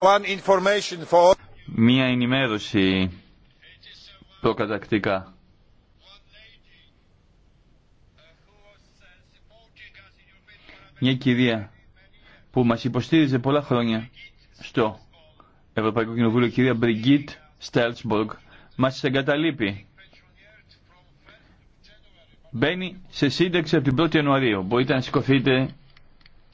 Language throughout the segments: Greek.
Μια κυρία που μας υποστήριζε πολλά χρόνια στο Ευρωπαϊκό Κοινοβούλιο, κυρία Μπριγκίτ Στέλτσμποργκ, μας εγκαταλείπει. Μπαίνει σε σύνταξη από την 1η Ιανουαρίου. Μπορείτε να σηκωθείτε.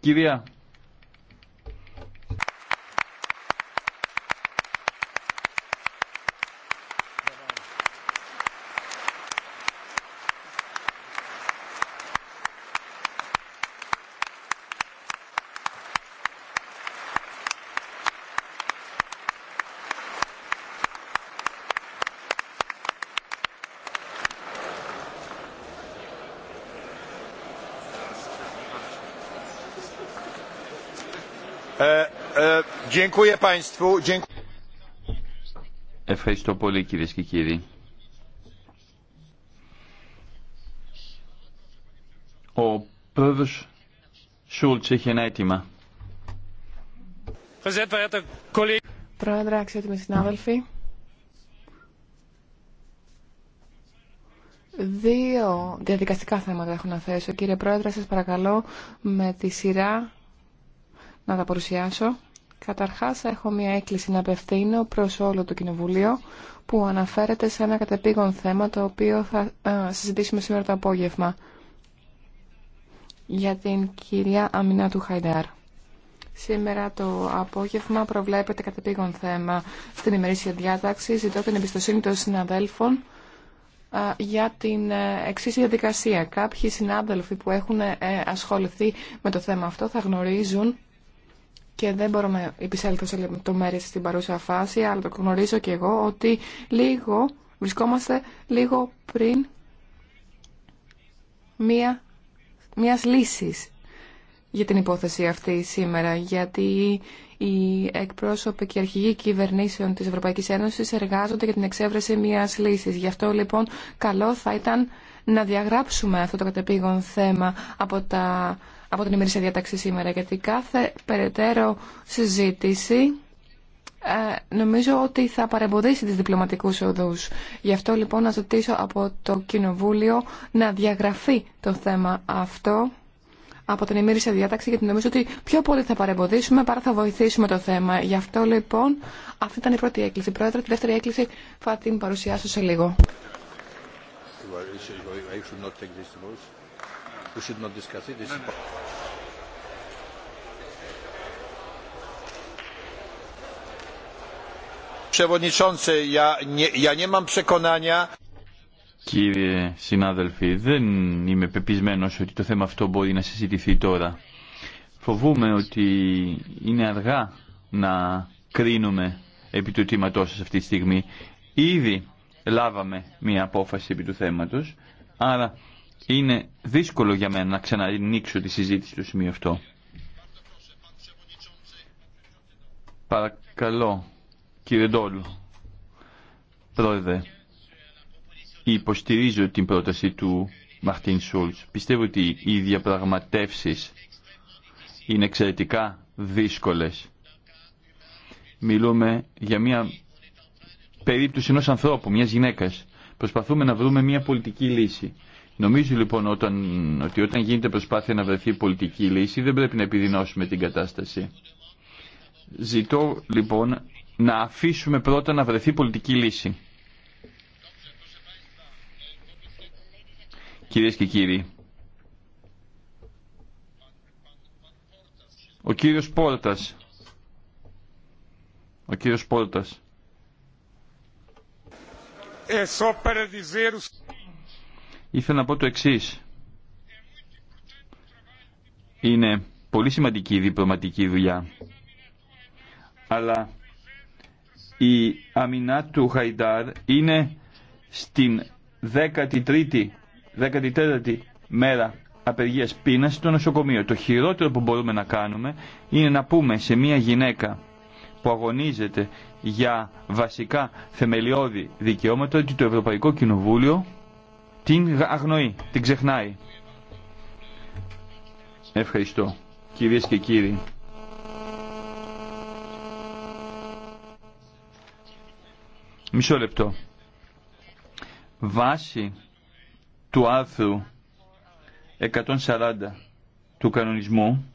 Κυρία, Ευχαριστώ πολύ κυρίες και κύριοι. Ο πρόεδρος Σούλτς έχει ένα αίτημα. Πρόεδρε, αξιότιμοι συνάδελφοι, δύο διαδικαστικά θέματα έχω να θέσω. Κύριε Πρόεδρε, σας παρακαλώ με τη σειρά να τα παρουσιάσω. Καταρχάς έχω μια έκκληση να απευθύνω προς όλο το Κοινοβουλίο που αναφέρεται σε ένα κατεπήγον θέμα το οποίο θα ε, συζητήσουμε σήμερα το απόγευμα για την κυρία Αμινά του Χαϊντάρ. Σήμερα το απόγευμα προβλέπεται κατεπήγον θέμα στην ημερήσια διάταξη. Ζητώ την εμπιστοσύνη των συναδέλφων ε, για την ε, εξή διαδικασία. Κάποιοι συνάδελφοι που έχουν ασχοληθεί με το θέμα αυτό θα γνωρίζουν και δεν μπορώ να επισέλθω σε λεπτομέρειε στην παρούσα φάση, αλλά το γνωρίζω και εγώ ότι λίγο, βρισκόμαστε λίγο πριν μία, μίας λύσης για την υπόθεση αυτή σήμερα, γιατί οι εκπρόσωποι και αρχηγοί κυβερνήσεων της Ευρωπαϊκής Ένωσης εργάζονται για την εξέβρεση μιας λύσης. Γι' αυτό λοιπόν καλό θα ήταν να διαγράψουμε αυτό το κατεπήγον θέμα από τα από την ημερήσια διατάξη σήμερα, γιατί κάθε περαιτέρω συζήτηση ε, νομίζω ότι θα παρεμποδίσει τις διπλωματικούς οδούς. Γι' αυτό λοιπόν να ζητήσω από το Κοινοβούλιο να διαγραφεί το θέμα αυτό από την ημερήσια διάταξη, γιατί νομίζω ότι πιο πολύ θα παρεμποδίσουμε παρά θα βοηθήσουμε το θέμα. Γι' αυτό λοιπόν αυτή ήταν η πρώτη έκκληση. Πρόεδρε, τη δεύτερη έκκληση θα την παρουσιάσω σε λίγο. Κύριε συνάδελφοι, δεν είμαι πεπισμένος ότι το θέμα αυτό μπορεί να συζητηθεί τώρα. Φοβούμαι ότι είναι αργά να κρίνουμε επί του τίματός σας αυτή τη στιγμή. Ήδη λάβαμε μία απόφαση επί του θέματος, άρα είναι δύσκολο για μένα να ξανανοίξω τη συζήτηση στο σημείο αυτό. Παρακαλώ, κύριε Ντόλου, πρόεδρε, υποστηρίζω την πρόταση του Μαρτίν Σούλτς. Πιστεύω ότι οι διαπραγματεύσεις είναι εξαιρετικά δύσκολες. Μιλούμε για μια περίπτωση ενός ανθρώπου, μιας γυναίκας. Προσπαθούμε να βρούμε μια πολιτική λύση. Νομίζω λοιπόν όταν, ότι όταν γίνεται προσπάθεια να βρεθεί πολιτική λύση δεν πρέπει να επιδεινώσουμε την κατάσταση. Ζητώ λοιπόν να αφήσουμε πρώτα να βρεθεί πολιτική λύση. Κυρίες και κύριοι, ο κύριος Πόρτας, ο κύριος Πόρτας ήθελα να πω το εξή. Είναι πολύ σημαντική η διπλωματική δουλειά. Αλλά η αμυνά του Χαϊντάρ είναι στην 13η, 14η μέρα απεργίας πείνας στο νοσοκομείο. Το χειρότερο που μπορούμε να κάνουμε είναι να πούμε σε μια γυναίκα που αγωνίζεται για βασικά θεμελιώδη δικαιώματα ότι το Ευρωπαϊκό Κοινοβούλιο την αγνοεί, την ξεχνάει. Ευχαριστώ. κυρίε και κύριοι. Μισό λεπτό. Βάση του άρθρου 140 του κανονισμού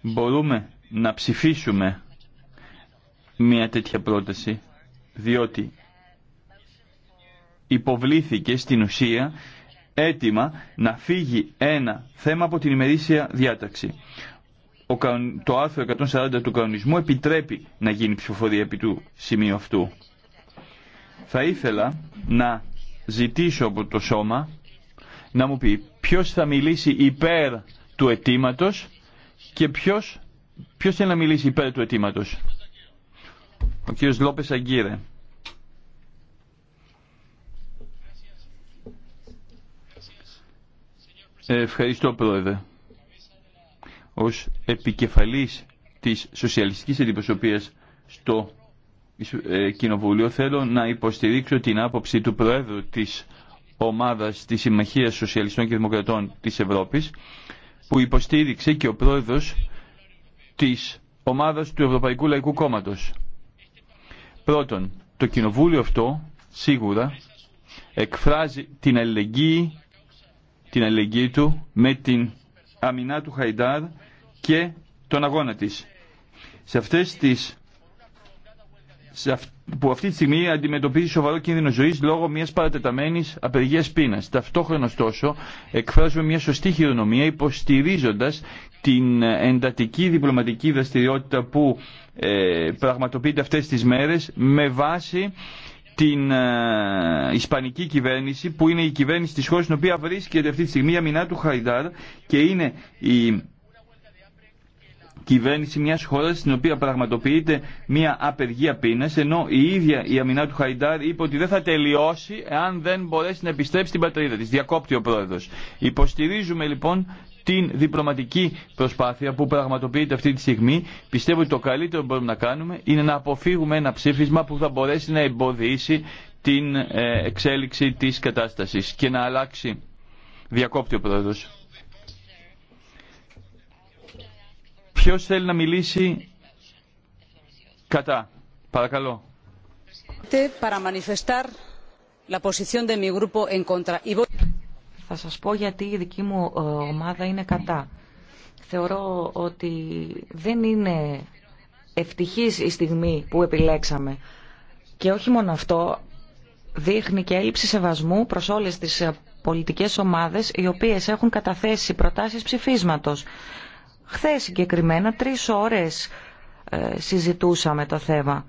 μπορούμε να ψηφίσουμε μια τέτοια πρόταση διότι υποβλήθηκε στην ουσία έτοιμα να φύγει ένα θέμα από την ημερήσια διάταξη. Το άρθρο 140 του κανονισμού επιτρέπει να γίνει ψηφοφορία επί του σημείου αυτού. Θα ήθελα να ζητήσω από το σώμα να μου πει ποιος θα μιλήσει υπέρ του αιτήματο και ποιος, ποιος θέλει να μιλήσει υπέρ του αιτήματο. Ο κύριος Λόπες Αγκύρε. Ευχαριστώ πρόεδρε. Ως επικεφαλής της σοσιαλιστικής αντιπροσωπείας στο ε, Κοινοβούλιο θέλω να υποστηρίξω την άποψη του Προέδρου της ομάδας της Συμμαχίας Σοσιαλιστών και Δημοκρατών της Ευρώπης που υποστήριξε και ο Πρόεδρος της ομάδας του Ευρωπαϊκού Λαϊκού Κόμματος. Πρώτον, το Κοινοβούλιο αυτό σίγουρα εκφράζει την αλληλεγγύη την αλληλεγγύη του με την αμυνά του Χαϊντάρ και τον αγώνα της. Σε αυτές τις που αυτή τη στιγμή αντιμετωπίζει σοβαρό κίνδυνο ζωή λόγω μια παρατεταμένη απεργία πείνα. Ταυτόχρονα, ωστόσο, εκφράζουμε μια σωστή χειρονομία υποστηρίζοντα την εντατική διπλωματική δραστηριότητα που ε, πραγματοποιείται αυτέ τι μέρε με βάση την ε, ισπανική κυβέρνηση που είναι η κυβέρνηση της χώρας στην οποία βρίσκεται αυτή τη στιγμή η αμυνά του Χαϊδάρ και είναι η κυβέρνηση μιας χώρας στην οποία πραγματοποιείται μια απεργία πείνας ενώ η ίδια η αμυνά του Χαϊντάρ είπε ότι δεν θα τελειώσει εάν δεν μπορέσει να επιστρέψει στην πατρίδα της. Διακόπτει ο πρόεδρος. Υποστηρίζουμε λοιπόν την διπλωματική προσπάθεια που πραγματοποιείται αυτή τη στιγμή. Πιστεύω ότι το καλύτερο που μπορούμε να κάνουμε είναι να αποφύγουμε ένα ψήφισμα που θα μπορέσει να εμποδίσει την ε, εξέλιξη της κατάστασης και να αλλάξει διακόπτει ο πρόεδρος. Ποιος θέλει να μιλήσει κατά. Παρακαλώ. Θα σας πω γιατί η δική μου ε, ομάδα είναι κατά. Θεωρώ ότι δεν είναι ευτυχής η στιγμή που επιλέξαμε. Και όχι μόνο αυτό, δείχνει και έλλειψη σεβασμού προς όλες τις ε, πολιτικές ομάδες οι οποίες έχουν καταθέσει προτάσεις ψηφίσματος. Χθες συγκεκριμένα τρεις ώρες ε, συζητούσαμε το θέμα.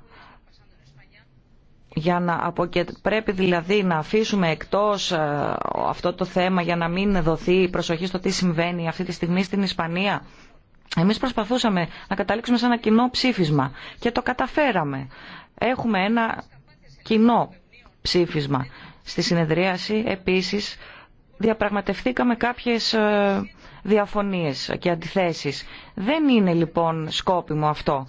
Για να Πρέπει δηλαδή να αφήσουμε εκτός ε, αυτό το θέμα για να μην δοθεί προσοχή στο τι συμβαίνει αυτή τη στιγμή στην Ισπανία. Εμείς προσπαθούσαμε να καταλήξουμε σε ένα κοινό ψήφισμα και το καταφέραμε. Έχουμε ένα κοινό ψήφισμα. Στη συνεδρίαση επίσης διαπραγματευθήκαμε κάποιες ε, διαφωνίες και αντιθέσεις. Δεν είναι λοιπόν σκόπιμο αυτό.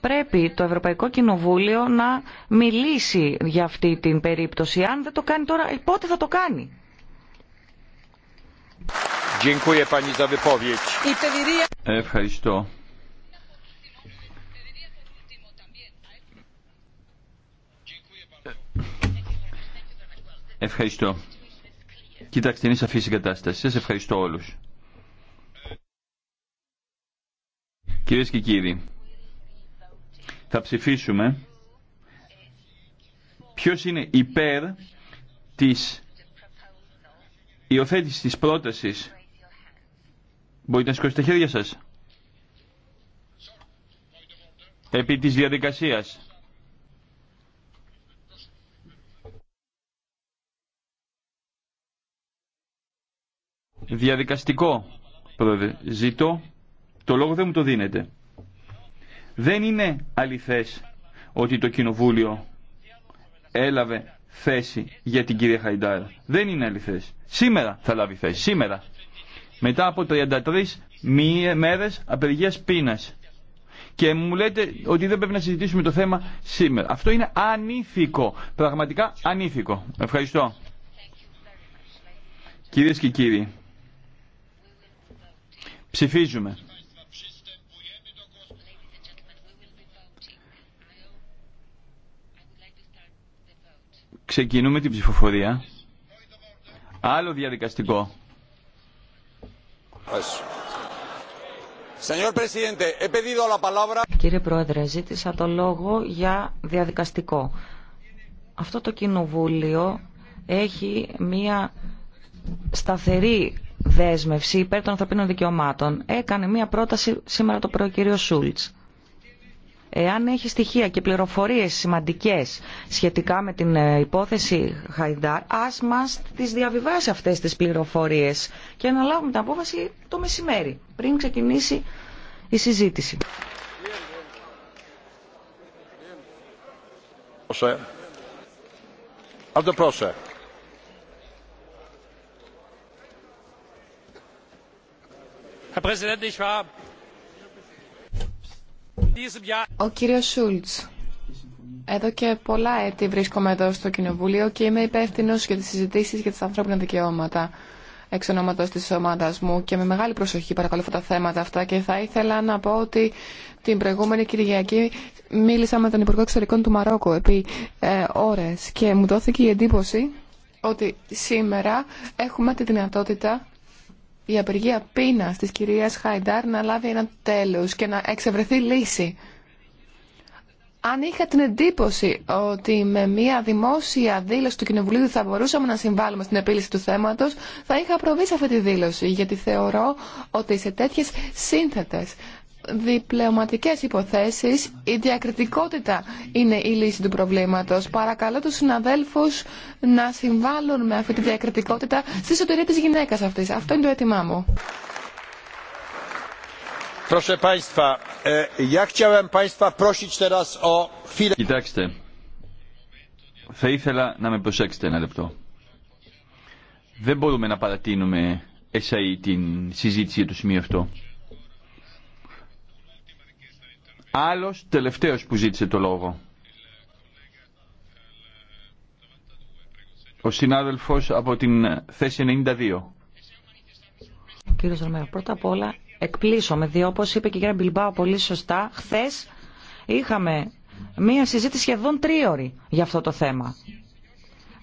Πρέπει το Ευρωπαϊκό Κοινοβούλιο να μιλήσει για αυτή την περίπτωση. Αν δεν το κάνει τώρα, ε, πότε θα το κάνει. Ευχαριστώ. Ε, ευχαριστώ. Κοιτάξτε, είναι σαφή η κατάσταση. Σα ευχαριστώ όλου. Κυρίες και κύριοι, θα ψηφίσουμε ποιος είναι υπέρ της υιοθέτησης της πρότασης. Μπορείτε να σηκώσετε τα χέρια σας. Επί της διαδικασίας. Διαδικαστικό, πρόεδρε. Ζήτω το λόγο δεν μου το δίνεται. Δεν είναι αληθές ότι το Κοινοβούλιο έλαβε θέση για την κυρία Χαϊντάρα. Δεν είναι αληθές. Σήμερα θα λάβει θέση. Σήμερα. Μετά από 33 μέρες απεργίας πείνας. Και μου λέτε ότι δεν πρέπει να συζητήσουμε το θέμα σήμερα. Αυτό είναι ανήθικο. Πραγματικά ανήθικο. Ευχαριστώ. Κυρίες και κύριοι, ψηφίζουμε. Ξεκινούμε την ψηφοφορία. Άλλο διαδικαστικό. Κύριε Πρόεδρε, ζήτησα το λόγο για διαδικαστικό. Αυτό το κοινοβούλιο έχει μία σταθερή δέσμευση υπέρ των ανθρωπίνων δικαιωμάτων. Έκανε μία πρόταση σήμερα το πρωί ο κύριος Σούλτς Εάν έχει στοιχεία και πληροφορίες σημαντικές σχετικά με την ε, υπόθεση Χαϊντάρ, ας μας τις διαβιβάσει αυτές τις πληροφορίες και να λάβουμε την απόφαση το μεσημέρι, πριν ξεκινήσει η συζήτηση. Ο κύριος Σούλτς, εδώ και πολλά έτη βρίσκομαι εδώ στο Κοινοβούλιο και είμαι υπεύθυνο για τις συζητήσεις για τα ανθρώπινα δικαιώματα εξ ονόματος της ομάδας μου και με μεγάλη προσοχή παρακολουθώ τα θέματα αυτά και θα ήθελα να πω ότι την προηγούμενη Κυριακή μίλησα με τον Υπουργό Εξωτερικών του Μαρόκου επί ε, ώρες και μου δόθηκε η εντύπωση ότι σήμερα έχουμε τη δυνατότητα η απεργία πείνα της κυρίας Χαϊντάρ να λάβει ένα τέλος και να εξευρεθεί λύση. Αν είχα την εντύπωση ότι με μια δημόσια δήλωση του Κοινοβουλίου θα μπορούσαμε να συμβάλλουμε στην επίλυση του θέματος, θα είχα προβεί σε αυτή τη δήλωση, γιατί θεωρώ ότι σε τέτοιες σύνθετες διπλεωματικές υποθέσεις, η διακριτικότητα είναι η λύση του προβλήματος. Παρακαλώ τους συναδέλφους να συμβάλλουν με αυτή τη διακριτικότητα στη σωτηρία της γυναίκας αυτής. Αυτό είναι το έτοιμά μου. E, Κοιτάξτε, θα ήθελα να με προσέξετε ένα λεπτό. Δεν μπορούμε να παρατείνουμε εσάι την συζήτηση για το σημείο αυτό. Άλλος τελευταίος που ζήτησε το λόγο. Ο συνάδελφος από την θέση 92. Κύριε Ζαρμέρα, πρώτα απ' όλα εκπλήσωμε, διότι όπως είπε και η κυρία Μπιλμπάου πολύ σωστά, χθες είχαμε μία συζήτηση σχεδόν τρίωρη για αυτό το θέμα.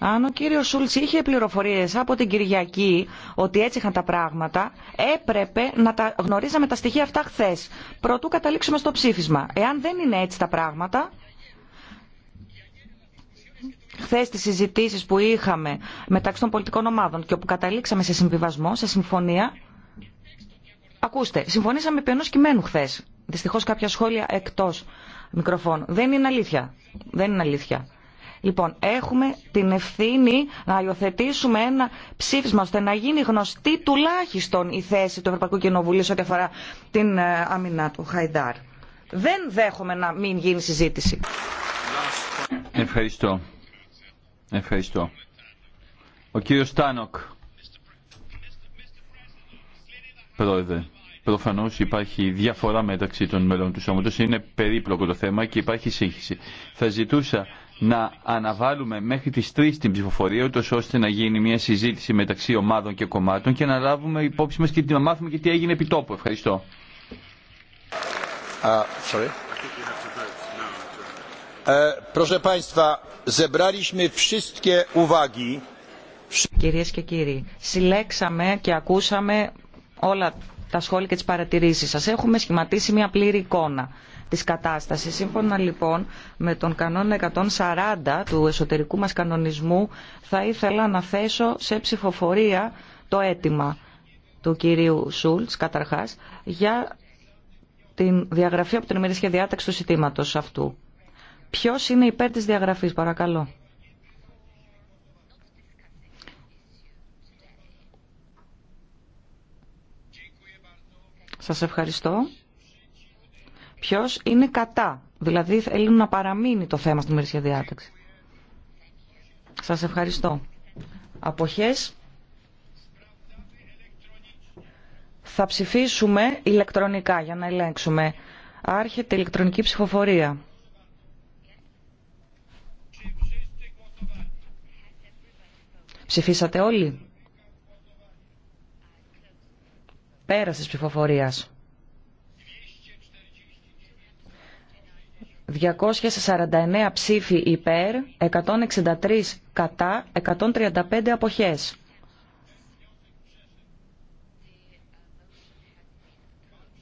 Αν ο κύριο Σούλτ είχε πληροφορίε από την Κυριακή ότι έτσι είχαν τα πράγματα, έπρεπε να τα γνωρίζαμε τα στοιχεία αυτά χθε. Πρωτού καταλήξουμε στο ψήφισμα. Εάν δεν είναι έτσι τα πράγματα, χθε τι συζητήσει που είχαμε μεταξύ των πολιτικών ομάδων και όπου καταλήξαμε σε συμβιβασμό, σε συμφωνία. Ακούστε, συμφωνήσαμε επί ενό κειμένου χθε. Δυστυχώ κάποια σχόλια εκτό μικροφών, Δεν είναι αλήθεια. Δεν είναι αλήθεια. Λοιπόν, έχουμε την ευθύνη να υιοθετήσουμε ένα ψήφισμα ώστε να γίνει γνωστή τουλάχιστον η θέση του Ευρωπαϊκού Κοινοβουλίου σε ό,τι αφορά την αμυνά ε, του ΧΑΙΔΑΡ. Δεν δέχομαι να μην γίνει συζήτηση. Ευχαριστώ. Ευχαριστώ. Ο κύριος Τάνοκ. Πρόεδρε, προφανώ υπάρχει διαφορά μεταξύ των μελών του σώματο. Είναι περίπλοκο το θέμα και υπάρχει σύγχυση. Θα ζητούσα να αναβάλουμε μέχρι τις 3 την ψηφοφορία, ούτως ώστε να γίνει μια συζήτηση μεταξύ ομάδων και κομμάτων και να λάβουμε υπόψη μας και να μάθουμε και τι έγινε επί τόπου. Ευχαριστώ. Uh, Κυρίες και κύριοι, συλλέξαμε και ακούσαμε όλα τα σχόλια και τις παρατηρήσεις σας. Έχουμε σχηματίσει μια πλήρη εικόνα της κατάστασης. Σύμφωνα λοιπόν με τον κανόνα 140 του εσωτερικού μας κανονισμού θα ήθελα να θέσω σε ψηφοφορία το αίτημα του κυρίου Σούλτς καταρχάς για την διαγραφή από την ημερήσια διάταξη του συστήματος αυτού. Ποιος είναι υπέρ της διαγραφής παρακαλώ. Σας ευχαριστώ. Ποιο είναι κατά. Δηλαδή θέλουν να παραμείνει το θέμα στην μερική διάταξη. Σας ευχαριστώ. Αποχές. Θα ψηφίσουμε ηλεκτρονικά για να ελέγξουμε. Άρχεται ηλεκτρονική ψηφοφορία. Ψηφίσατε όλοι. Πέρασης ψηφοφορίας. 249 ψήφοι υπέρ, 163 κατά, 135 αποχές.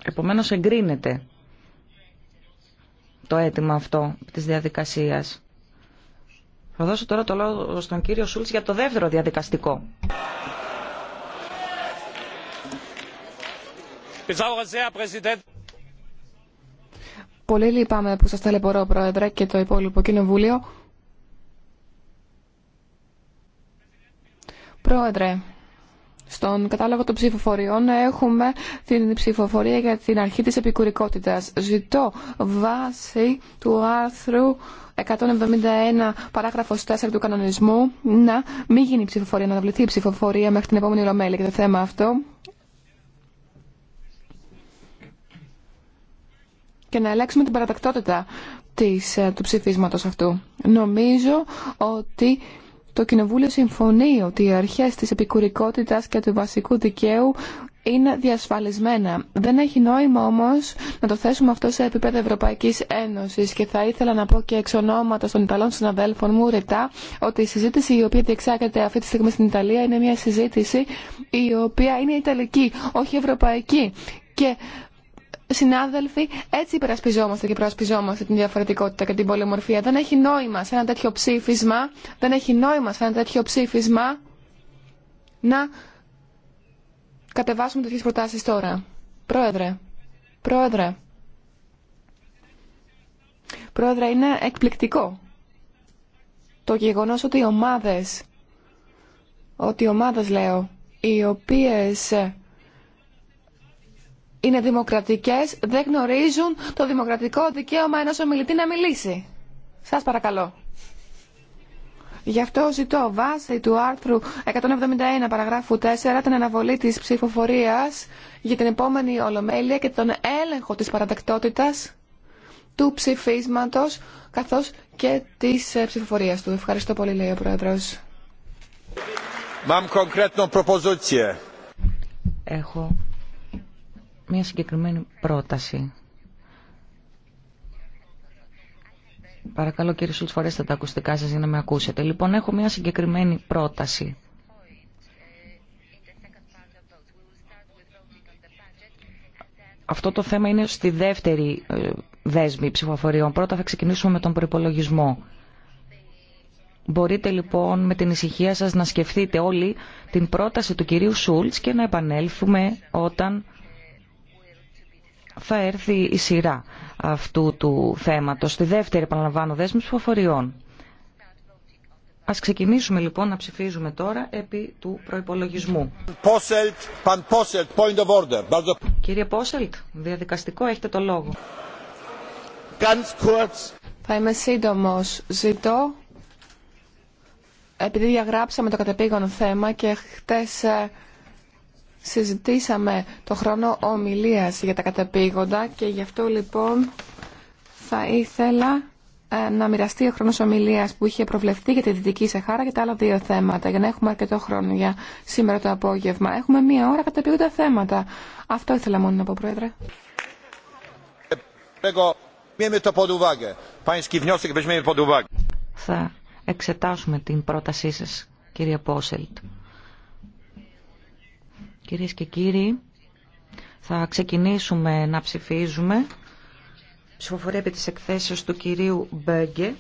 Επομένως εγκρίνεται το αίτημα αυτό της διαδικασίας. Θα δώσω τώρα το λόγο στον κύριο Σούλτς για το δεύτερο διαδικαστικό. Πολύ λυπάμαι που σας ταλαιπωρώ, Πρόεδρε, και το υπόλοιπο Κοινοβούλιο. Πρόεδρε, στον κατάλογο των ψηφοφοριών έχουμε την ψηφοφορία για την αρχή της επικουρικότητας. Ζητώ βάση του άρθρου 171 παράγραφος 4 του κανονισμού να μην γίνει ψηφοφορία, να αναβληθεί η ψηφοφορία μέχρι την επόμενη ρομέλη για το θέμα αυτό. και να ελέγξουμε την παρατακτότητα της, ε, του ψηφίσματος αυτού. Νομίζω ότι το Κοινοβούλιο συμφωνεί ότι οι αρχές της επικουρικότητας και του βασικού δικαίου είναι διασφαλισμένα. Δεν έχει νόημα όμως να το θέσουμε αυτό σε επίπεδο Ευρωπαϊκής Ένωσης και θα ήθελα να πω και εξ ονόματος των Ιταλών συναδέλφων μου ρετά ότι η συζήτηση η οποία διεξάγεται αυτή τη στιγμή στην Ιταλία είναι μια συζήτηση η οποία είναι Ιταλική, όχι Ευρωπαϊκή. Και συνάδελφοι, έτσι υπερασπιζόμαστε και προασπιζόμαστε την διαφορετικότητα και την πολυμορφία. Δεν έχει νόημα σε ένα τέτοιο ψήφισμα, δεν έχει νόημα σε ένα τέτοιο ψήφισμα να κατεβάσουμε τέτοιες προτάσεις τώρα. Πρόεδρε, πρόεδρε, πρόεδρε είναι εκπληκτικό το γεγονός ότι οι ομάδες, ότι οι ομάδες λέω, οι οποίες είναι δημοκρατικές δεν γνωρίζουν το δημοκρατικό δικαίωμα ενός ομιλητή να μιλήσει. Σας παρακαλώ. Γι' αυτό ζητώ βάση του άρθρου 171 παραγράφου 4 την αναβολή της ψηφοφορίας για την επόμενη ολομέλεια και τον έλεγχο της παραδεκτότητας του ψηφίσματος καθώς και της ε, ψηφοφορίας του. Ευχαριστώ πολύ λέει ο Πρόεδρος. Έχω μια συγκεκριμένη πρόταση. Παρακαλώ κύριε Σούλτς, φορέστε τα ακουστικά σας για να με ακούσετε. Λοιπόν, έχω μια συγκεκριμένη πρόταση. Αυτό το θέμα είναι στη δεύτερη ε, δέσμη ψηφοφοριών. Πρώτα θα ξεκινήσουμε με τον προπολογισμό. Μπορείτε λοιπόν με την ησυχία σας να σκεφτείτε όλοι την πρόταση του κυρίου Σούλτς και να επανέλθουμε όταν θα έρθει η σειρά αυτού του θέματος, στη δεύτερη επαναλαμβάνω δέσμευση ψηφοφοριών. Ας ξεκινήσουμε λοιπόν να ψηφίζουμε τώρα επί του προϋπολογισμού. point of order. Κύριε Πόσελτ, διαδικαστικό έχετε το λόγο. Θα είμαι σύντομο. Ζητώ, επειδή διαγράψαμε το κατεπήγον θέμα και χτες ε, συζητήσαμε το χρόνο ομιλίας για τα καταπήγοντα και γι' αυτό λοιπόν θα ήθελα ε, να μοιραστεί ο χρόνος ομιλίας που είχε προβλεφθεί για τη Δυτική Σεχάρα και τα άλλα δύο θέματα για να έχουμε αρκετό χρόνο για σήμερα το απόγευμα. Έχουμε μία ώρα καταπήγοντα θέματα. Αυτό ήθελα μόνο να πω, Πρόεδρε. Ε, θα εξετάσουμε την πρότασή σας, κύριε Πόσελτ. Κυρίες και κύριοι, θα ξεκινήσουμε να ψηφίζουμε. Ψηφοφορία επί της εκθέσεως του κυρίου Μπέγκε.